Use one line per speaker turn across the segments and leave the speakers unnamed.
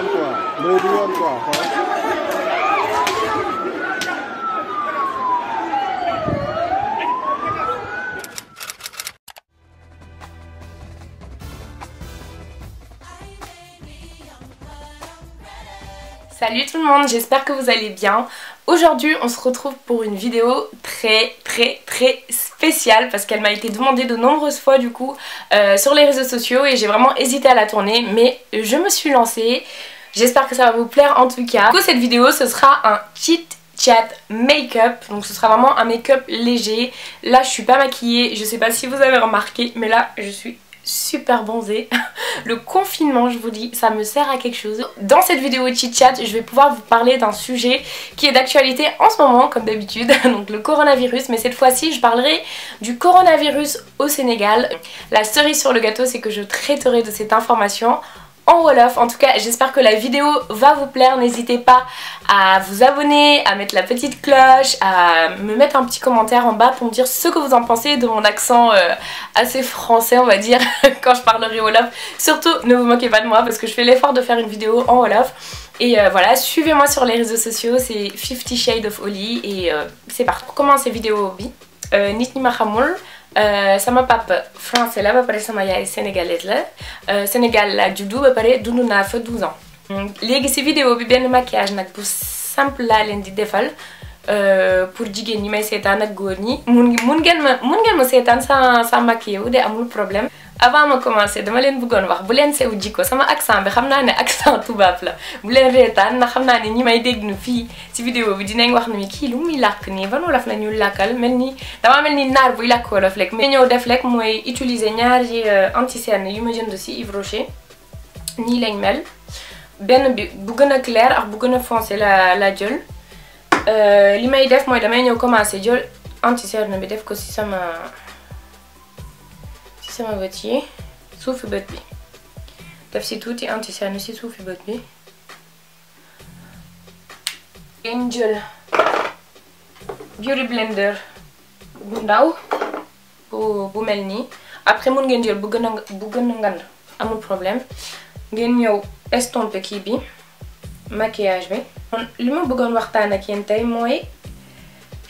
quoi. Mbay du yoon Salut tout le monde, j'espère que vous allez bien. Aujourd'hui on se retrouve pour une vidéo très très très spéciale parce qu'elle m'a été demandée de nombreuses fois du coup euh, sur les réseaux sociaux et j'ai vraiment hésité à la tourner mais je me suis lancée. J'espère que ça va vous plaire en tout cas. Du cette vidéo ce sera un kit chat make-up donc ce sera vraiment un make-up léger là je suis pas maquillée je sais pas si vous avez remarqué mais super bronzée. Le confinement, je vous dis, ça me sert à quelque chose. Dans cette vidéo chit-chat, je vais pouvoir vous parler d'un sujet qui est d'actualité en ce moment, comme d'habitude, donc le coronavirus. Mais cette fois-ci, je parlerai du coronavirus au Sénégal. La cerise sur le gâteau, c'est que je traiterai de cette information en Wolof. En tout cas, j'espère que la vidéo va vous plaire. N'hésitez pas à vous abonner, à mettre la petite cloche, à me mettre un petit commentaire en bas pour me dire ce que vous en pensez de mon accent euh, assez français, on va dire, quand je parlerai Wolof. Surtout, ne vous moquez pas de moi parce que je fais l'effort de faire une vidéo en Wolof. Et euh, voilà, suivez-moi sur les réseaux sociaux, c'est 50 Shades of Oli et euh, c'est parti. Pour commencer vidéo hobby, euh, Nitni Euh, sama papa français la ba pare sama yaay sénégalaise la euh, Sénégal laa juddu ba pare dund naa fa 12 ans. Hmm. léegi si vidéo bi benn maquillage nag bu simple laa leen di defal euh, pour jigéen ñi may seetaan ak góor ñi. mun mun ngeen ma mun ngeen ma seetaan sans sans maquillé wu de amul problème. avant ma commencé dama leen buggoon wax bu leen sew jikko sama accent bi xam naa ne accent tubaab la bu leen reetaan na xam naa ne ñi may dégg nu fii si vidéo bi dinañ wax ni kii lu muy làkk nii ban wolof la ñu làkkal mel ni damaa mel ni naar buy làkk wolof rek mais ñëw def rek mooy utiliser ñaari euh, antiserne yu ma jënd si Yves Rocher nii lañ mel benn bi bu gën a clair ak bu gën a foncé la la jël euh, li may def mooy damay ñëw commencé jël antiserne bi def ko ci sama ci sama bët yi suufi bët bi def si tuuti antisène si suufi bët bi ngeen jël beauty bu ndaw bu mel nii après mun ngeen jël bu gën a bu gën a ngand amul problème ngeen ñëw estomper kii bi maquillage bi. li ma bëggoon waxtaan ak yéen tey mooy.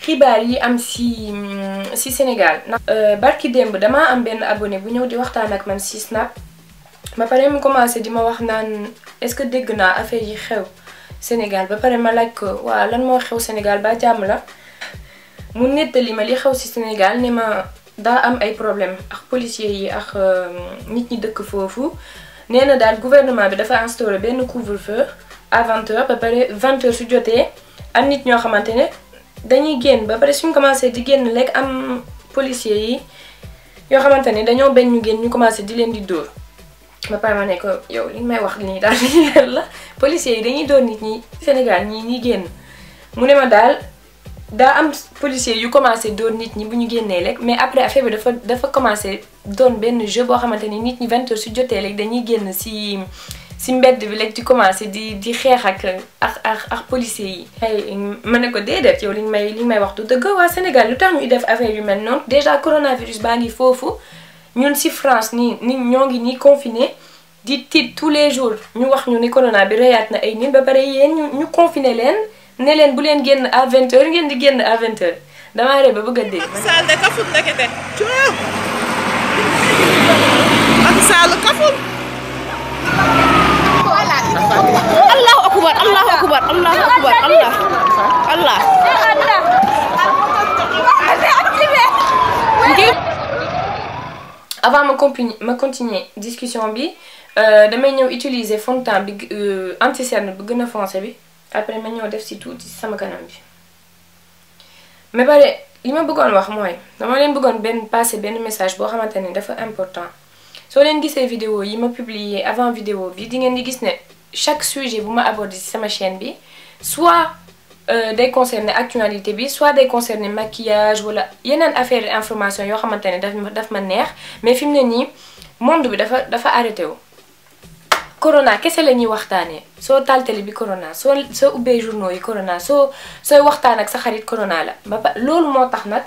xibaar yi am si mm, si Sénégal ndax euh, barki démb damaa am benn abone bu ñëw di waxtaan ak man si Snap ba pare mu commencé di ma wax naan est-ce que dégg naa affaire yi xew Sénégal ba pare ma laaj waa lan moo xew Sénégal ba jàmm la mu nettali ma li xew si Sénégal ne ma daa am ay problème ak policiers yi ak euh, nit ñi dëkk foofu nee na daal gouvernement bi dafa instauré benn couvre-feu à 20h ba pare 20 su jotee am nit ñoo xamante ne dañuy génn ba pare suñ commencé di génn lekk am policier yi yoo xamante ne dañoo benn ñu génn ñu commencé di leen di dóor ba pare ma ne ko yow li may wax nii daal yar la policier yi dañuy dóor nit ñi Sénégal ñii ñuy génn mu ne ma daal daa am policier yu commencé dóor nit ñi bu ñu génnee lekk mais après a bi dafa dafa commencé doon benn jeu boo xamante ni nit ñi vingt si jotee lekk dañuy génn si. si mbedd bi lañ ci commencé di di xeex ak ak ak ak policiers yi. ma ne ko déedéet yow liñ may liñ may wax du dëgg waa Sénégal lu tax ñuy def affaire yu mel noonu déjà coronavirus baa ngi foofu ñun si France nii ni ñoo ngi nii confiné di tiit tous les jours ñu wax ñu ni corona bi reyaat na ay nit ba pare yéen ñu ñu confiné leen ne leen bu leen génn à 20h ngeen di génn à 20h damaa ree ba bëgg a dégg. Macky Sall de kafut Allah akbar Allah Allah ngir avant ma continuer ma continuer discussion bi euh, damay ñëw utiliser fond de teint bi euh, anti-cerne bu gën a foncé bi après ma ñëw def si tuuti si sama kanam bi mais pare li ma bëggoon wax mooy dama leen bëggoon benn passer benn message boo xamante ne dafa important soo leen gisee vidéo yi ma publier avant vidéo bi di ngeen di gis ne chaque sujet bu ma abordé ci sama chaîne bi soit euh, day concerner actualité bi soit day concerner maquillage wala yeneen affaire information yoo xamante ne daf ma daf ma neex mais fi mu ne nii monde bi dafa dafa arrêté wu. corona kese la ñuy waxtaanee soo taal bi corona soo soo ubbee journaux yi corona soo sooy waxtaan ak sa xarit corona la ba pa loolu moo tax nag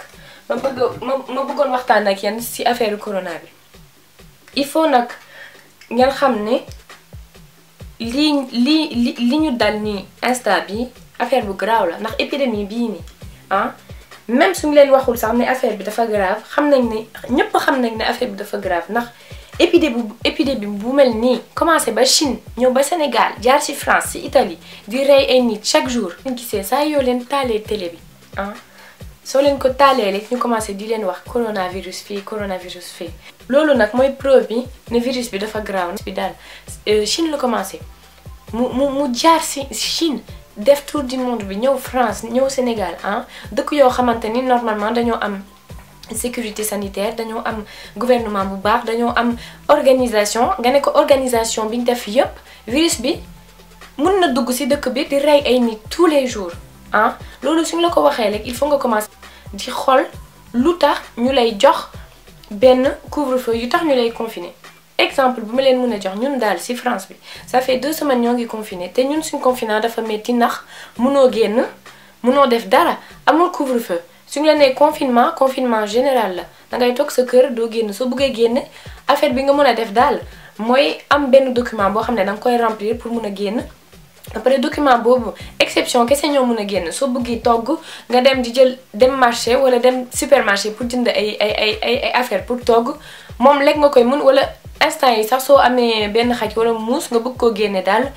ma buggoon ma ma ak yéen ci affaire corona bi il faut nag xam ne. lii li li li ñu dal nii instant bi affaire bu grave la ndax épidémie bii nii ah même suñu leen waxul sax ne affaire bi dafa grave xam nañ ni ñëpp xam nañ ne affaire bi dafa grave ndax épidémie bu épidémie bu mel nii commencé ba Chine ñëw ba Sénégal jaar ci France ci Italie di rey ay nit chaque jour. ñu gisee saa yoo leen tale télé bi ah. soo leen ko taalee rek ñu commencé di leen wax coronavirus fii coronavirus fii loolu nag mooy preuve bi ne virus bi dafa graaw bi daal euh, Chine la commencé mu mu jaar si Chine def tour du monde bi ñëw France ñëw Sénégal ah dëkk yoo xamante ni normalement dañoo am sécurité sanitaire dañoo am gouvernement bu baax dañoo am organisation nga ne ko organisation bi ñu def yëpp virus bi mun na dugg si dëkk bi di rey ay nit tous les jours ah loolu suñ la ko waxee rek il faut nga commencer di xool lu tax ñu lay jox benn couvre-feu yu tax ñu lay confiner exemple bu ma leen mun a jox ñun daal ci France bi ça fait deux semaines ñoo ngi confiné te ñun suñ confinement dafa metti ndax munoo génn mënoo def dara amul couvre-feu suñu la nee confinement confinement général la da ngay toog sa kër doo génn soo buggee génn affaire bi nga mën a def daal mooy am benn document boo xam ne da nga koy remplir pour mën a génn après document boobu exception kese ñoo mun a génn soo buggi togg nga dem di jël dem marché wala dem supermarché pour jënd ay ay ay ay affaire pour togg moom lekk nga koy mun wala instant yi sax soo amee benn xaj wala muus nga bugg koo génnee daal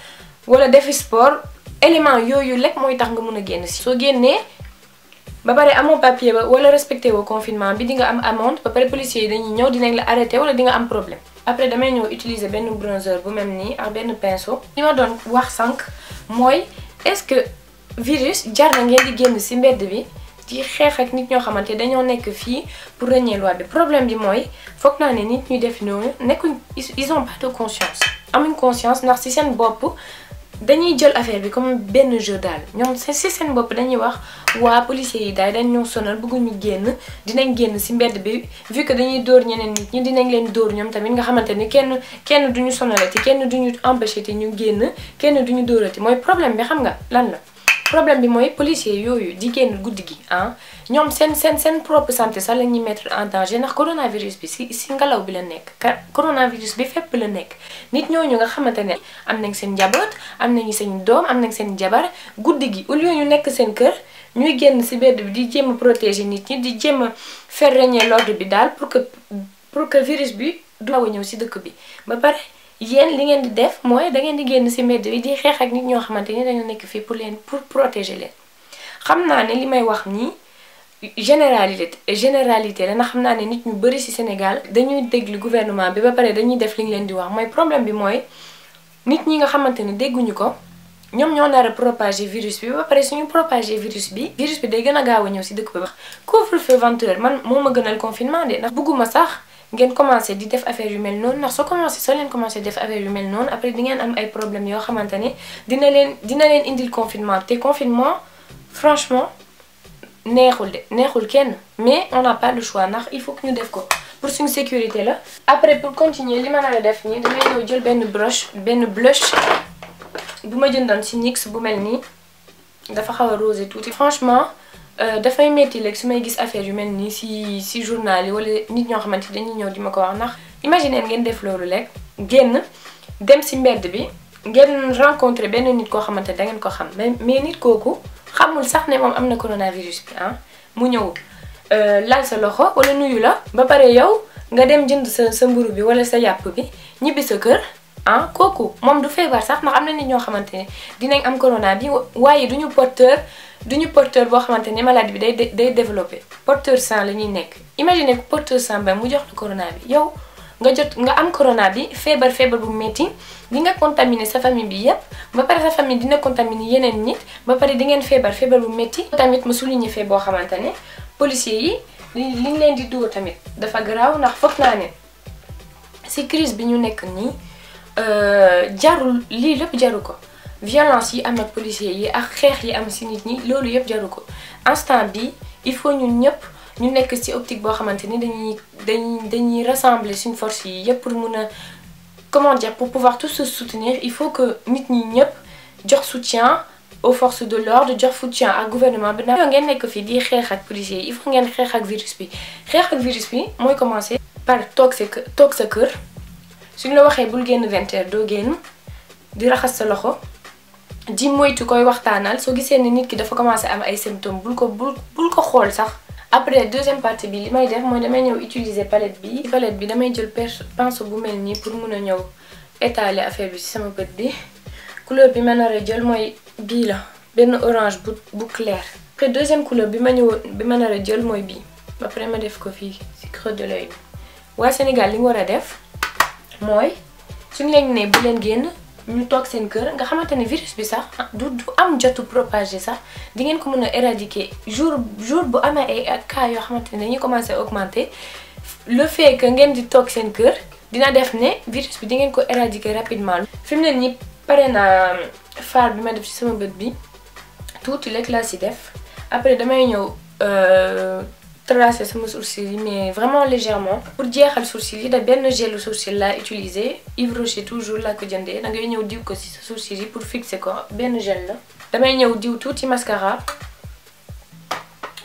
wala defi sport élément yooyu lekk mooy tax nga mun a génn si. soo génnee ba pare amoo papier ba wala respecté woo confinement bi di nga am amoon ba pare policiers yi dañuy ñëw dinañ la arrêté wala di nga am problème. après damay ñëw utiliser benn bronzer bu mel nii ak benn pinceau li ma doon wax sànq mooy est-ce que virus jar na ngeen di génn si mbedd bi di xeex ak nit ñoo xamante dañoo nekk fii pour régner loi bi problème bi mooy foog naa ne nit ñuy def noonu nekkuñ is ont pas de conscience amuñ conscience ndax ci seen bopp dañuy jël affaire bi comme benn jeu daal ñoom si seen bopp dañuy wax waa policiers yi daay dañ ñoo sonal bëgguñu génn dinañ génn si mbedd bi vu que dañuy dóor ñeneen nit ñi dinañ leen dóor ñoom tamit nga xamante ni kenn kenn duñu sonalati kenn duñu empêché te ñu génn kenn duñu dóorati mooy problème bi xam nga lan la problème bi mooy policier yooyu di génn guddi gi ah ñoom seen seen seen propre santé sax la ñuy en danger ndax coronavirus bi si si ngelaw bi la nekk car coronavirus bi fépp la nekk nit ñooñu nga xamante ne am nañ seen njaboot am nañu seen doom am nañ seen jabar guddi gi au lieu ñu nekk seen kër ñuy génn si bedd bi di jéem a protéger nit ñi di jéem a faire régner l'ordre bi daal pour que pour que virus bi du law ñëw si dëkk bi ba pare yéen li ngeen di def mooy da ngeen di génn si mbedd bi di xeex ak nit ñoo xamante ni dañoo nekk fii pour leen pour protéger xam naa ne li may wax nii généralité généralité la ndax xam naa ne nit ñu bari si Sénégal dañuy déglu gouvernement bi ba pare dañuy def li ñu leen di wax mooy problème bi mooy nit ñi nga xamante ne dégguñu ko ñoom ñoo nar a propager virus bi ba pare suñu propager virus bi virus bi day gën a gaaw a ñëw ci dëkk bi wax couvre-feu vingt heures man moo ma gënal confinement de ndax bëgguma sax ngeen commencé di def affaire yu mel noonu ndax soo commencé soo leen commencé def affaire yu mel noonu après di ay problèmes yoo xamante ne dina leen dina leen indil confinement confinement franchement neexul de neexul kenn mais on n'a pas le choix ndax il faut que ñu def ko pour suñu sécurité la. après pour continuer li ma nar def nii damay ñëw jël benn broche benn blush bu ma jëndoon ci NYX bu mel nii dafa xaw a rosé tuuti. franchement euh, dafay metti léegi su may gis affaire yu mel nii si ci journal yi walla nit ñoo xamante dañuy ñëw di ma ko wax ndax imaginer ngeen def loolu lekk génn dem ci mbedd bi ngeen rencontrer benn nit koo xamante da ngeen ko xam mais mais nit kooku. xamul sax ne moom am na coronavirus bi ah mu ñëw euh, laal sa loxo wala nuyu la ba pare yow nga dem jënd sa sa mburu bi wala sa yàpp bi ñibbi sa kër ah kooku moom du feebar sax ndax am na nit ñoo xamante ne dinañ am corona bi waaye du ñu porteur du ñu porteur boo xamante ne maladie bi day day développé porteur sain la ñuy nekk imagine porteur sain ba mu jox la corona bi yow. nga jot nga am corona bi feebar feebar bu métti di nga contaminé sa famille bi yëpp ba pare sa famille dina contaminé yeneen nit ba pare di ngeen feebar feebar bu métti. tamit ma souligné fee boo xamante ne policiers yi li leen di dóor tamit dafa garaaw ndax foog naa ne ci crise bi ñu nekk nii euh, jarul lii lépp jaru ko. violence yi am ak policier yi ak xeex yi am si nit ñi loolu yëpp jaru ko instant bi il faut ñun ñëpp ñu nekk ci optique boo xamante ni dañuy dañuy dañuy rassembler suñu force yi yëpp pour mun a comment dire pour pouvoir tous se soutenir il faut que nit ñi ñëpp jox soutien au force de l'ordre jox soutien ak gouvernement bi nag. ngeen nekk fii di xeex ak policiers yi il faut ngeen xeex ak virus bi xeex ak virus mooy commencer par toog sa kë toog sa kër suñ la waxee bul génn vingt doo génn di raxas sa loxo. di moytu koy waxtaanal soo gisee ne nit ki dafa commencé am ay symptômes bul ko bul bul ko xool sax. après deuxième partie bi li may def mooy damay ñëw utiliser palette bi palette bi damay jël pinceau bu mel nii pour mun a ñëw étaler affaire bi ci sama bët bi couleur bi ma nar a jël mooy bii la benn orange bu bu clair deuxième couleur bi ma bi ma nar a jël mooy bii ba pare ma def ko fii si creux de l'œil bi waa Sénégal li nga war a def mooy suñ leen ne bu leen génn ñu toog seen kër nga xamante ne virus bi sax du du am jotu propagé sax di ngeen ko mën a éradiquer jour jour bu amee ay cas yoo xamante ne dañuy commencé augmenter le fait que ngeen di toog seen kër dina def ne virus bi di ngeen ko éradiquer rapidement. fi mu ne nii pare naa faar bi ma def ci sama bët bi tuuti lekk si def après damay ñëw. Euh, tracé sama sourcil yi mais vraiment légèrement pour jeexal sourcil yi da benn gelu sourcil laa utilisé Yves Rocher toujours laa ko jëndee da ngay ñëw diw ko si sa sourcil yi pour fixer ko benn gel la damay ñëw diw tuuti mascara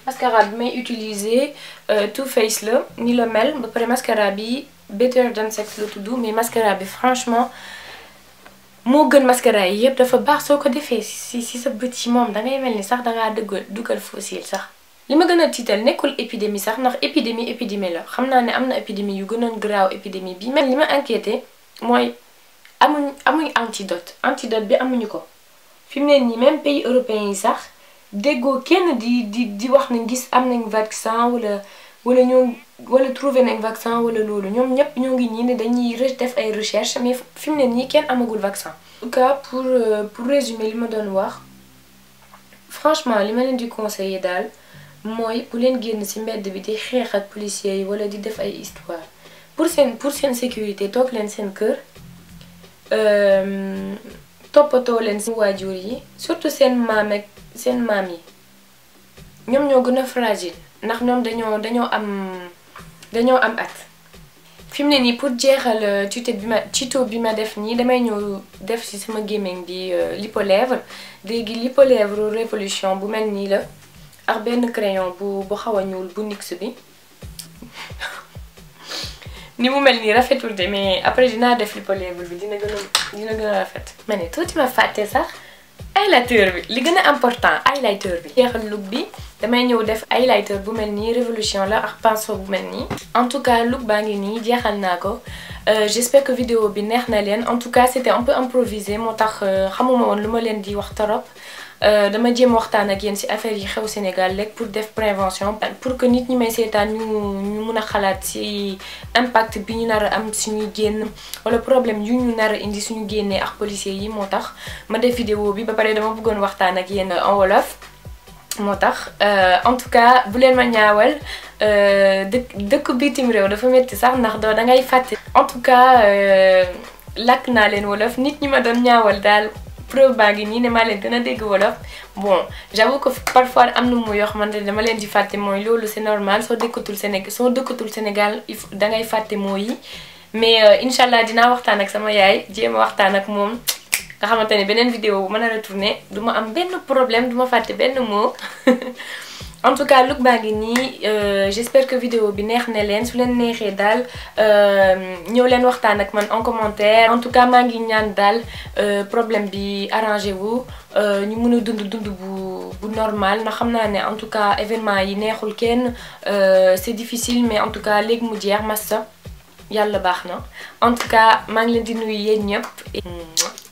mascara bi may utiliser euh, Too Faced la ni la mel ba pare mascara bi Better Than Sex la tudd mais mascara bi franchement moo gën mascara yi yëpp dafa baax soo ko defee si si sa bët yi moom dangay mel ni sax dangaa dëggal dugal fossile sax li ma gën a tiital nekkul épidémie sax ndax épidémie épidémie la xam naa ne am na épidémie yu gënoon graaw épidémie bi mais li ma inquiété mooy amuñ amuñ antidote antidote bi amuñu ko fi mu ne nii même pays européens yi sax déggoo kenn di di di wax nañ gis am nañ vaccin wala wala ñoo wala trouvé nañ vaccin wala loolu ñoom ñëpp ñoo ngi nii ne dañuy def ay recherche mais fi mu ne nii kenn amagul vaccin. en tout cas pour euh, pour résumer li ma doon wax franchement li ma leen di conseiller daal. mooy bu leen génn ci mbedd bi di xeex ak policiers yi walla di def ay histoire pour seen pour seen sécurité toog leen seen kër euh, toppatoo leen si waajur yi surtout seen maam ak seen maam yi ñoom ñoo gën a fragile ndax ñoom dañoo dañoo am dañoo am at fi mu ne nii pour jeexal euh, tuto bi ma tuto bi ma def nii damay ñëw def ci sama gémmiñ bi euh, lipolèvre léegi lipolèvre révolution bu mel nii la ak benn crayon bu bu xaw a ñuul bu NYX bi ni mu mel nii rafetul de mais après dinaa def lipolèvre bi dina gën a dina gën a rafet ma ne tuuti ma fàtte sax highlighter bi li gën a important highlighter bi jeexal look bi damay ñëw def highlighter bu mel nii révolution la ak pinceau bu mel nii en tout cas look baa ngi nii jeexal naa ko Euh, j'espère que vidéo bi neex na leen en tout cas c'était un peu improvisé moo tax euh, xamuma woon lu ma leen di wax torop euh, dama jéem waxtaan ak yéen ci affaire yi xew Sénégal rek pour def prévention pour que nit ñi may seetaan ñu ñu mun a xalaat ci impact bi ñu nar a am suñuy génn wala problème yu ñu nar a indi suñu génnee ak policiers yi moo tax ma def vidéo bi ba pare dama bëggoon waxtaan ak yéen en wolof moo tax en tout cas bu leen ma ñaawal Euh, dëkk dëkk bitim réew dafa metti sax ndax doo da ngay fàtte. en tout cas euh, làkk naa leen wolof nit ñi ma doon ñaawal daal preuve baa ngi nii ne maa leen gën a dégg wolof bon j'avoue ko parfois am na mu yoo xamante ne dama leen di fàtte mooy loolu c'est normal soo dëkkatul Sénégal soo dëkkatul Sénégal da ngay fàtte moo yi mais euh, incha allah dinaa waxtaan ak sama yaay jéem a waxtaan ak moom. nga xamante ne beneen vidéo bu mën a du ma am benn problème du ma fàtte benn moo en tout cas look baa ngi nii euh, j'espère que vidéo bi neex na leen su leen neexee daal euh, ñëw leen waxtaan ak man en commentaire en tout cas maa ngi ñaan daal euh, problème bi arrangé wu ñu mën a dund dund bu bu normal na xam naa ne en tout cas événement yi neexul kenn c'est difficile mais en tout cas léegi mu jeex massa yàlla baax na en tout cas maa ngi leen di nuyu yéen ñëpp.